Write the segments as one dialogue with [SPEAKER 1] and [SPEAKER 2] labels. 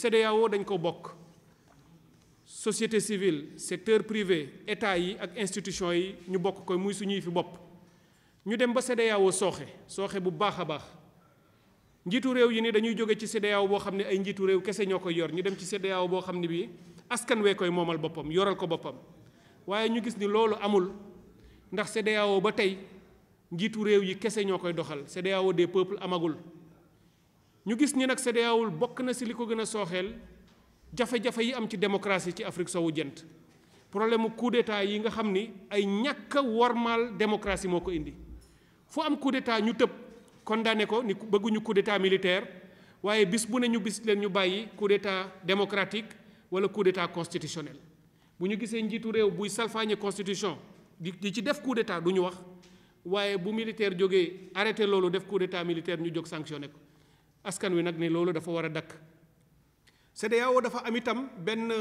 [SPEAKER 1] CEDEAO dañ ko bokk société civile secteur privé état yi ak institution yi ñu bokk ko muy suñuy fi bopp ñu dem ba CEDEAO soxé soxé bu baaxa baax njitu réew yi ni dañuy joggé ci Nous bo xamné ay njitu réew kessé Nous yor ñu dem ci askan koy yoral ko ñu gis ni amul ndax ba tay njitu doxal des peuples amagul ñu gis ni nag CEDEAO bokk na si li ko gën a sooxeel jafe-jafe yi am ci démocratie ci Afrique sowu jant problème mu coup d'état yi nga xam ni ay ñàkk a wormaal démocratie moo ko indi fu am coup d'état ñu tëb condamné ko ni bëgguñu coup d'état militaire waaye bis bu ne ñu bis leen ñu bàyyi coup d'état démocratique wala coup d'état constitutionnel bu ñu gisee njiitu réew buy salfaañe constitution di di ci def coup d'état du ñu wax waaye bu militaire jógee arrêté loolu def coup d'état ñu jóg sanctionné ko askan wi nag ni loolu dafa war a dakk CEDEAO dafa am itam benn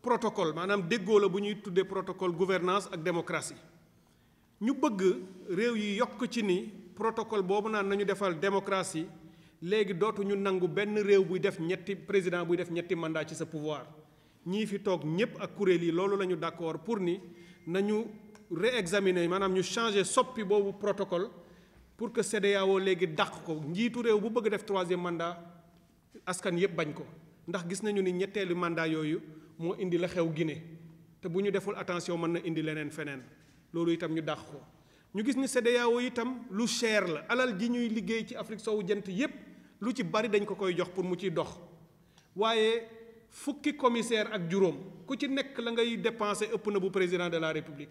[SPEAKER 1] protocole maanaam déggoo la bu ñuy tuddee protocole gouvernance ak démocratie ñu bëgg réew yi yokk ci ni protocole boobu naan nañu defal démocratie léegi dootu ñu nangu benn réew buy def ñetti président buy def ñetti mandat ci sa pouvoir ñii fi toog ñépp ak kuréel yi loolu la ñu d'accord pour ni nañu réexaminer maanaam ñu changer soppi boobu protocole pour que CEDEAO léegi dàq ko njiitu réew bu bëgg def troisième mandat askan yépp bañ ko ndax gis nañu ni ñetteelu mandat yooyu moo indi la xew Guinée te bu ñu deful attention mën na indi leneen feneen loolu itam ñu dàq ko ñu gis ni CEDEAO itam lu cher la alal ji ñuy liggéey ci Afrique soowu jant yépp lu ci bari dañ ko koy jox pour mu ciy dox waaye fukki commissaire ak juróom ku ci nekk la ngay dépenser ëpp na bu président de la république